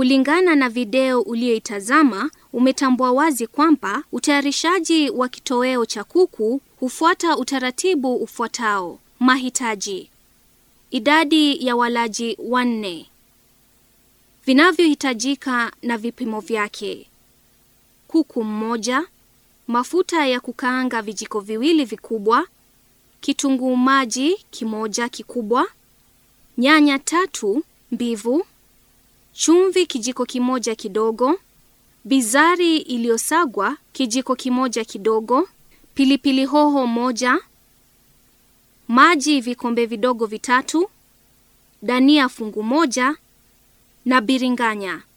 Kulingana na video uliyoitazama, umetambua wazi kwamba utayarishaji wa kitoweo cha kuku hufuata utaratibu ufuatao: mahitaji, idadi ya walaji wanne, vinavyohitajika na vipimo vyake, kuku mmoja, mafuta ya kukaanga vijiko viwili vikubwa, kitunguu maji kimoja kikubwa, nyanya tatu mbivu chumvi kijiko kimoja kidogo, bizari iliyosagwa kijiko kimoja kidogo, pilipili hoho moja, maji vikombe vidogo vitatu, dania fungu moja na biringanya.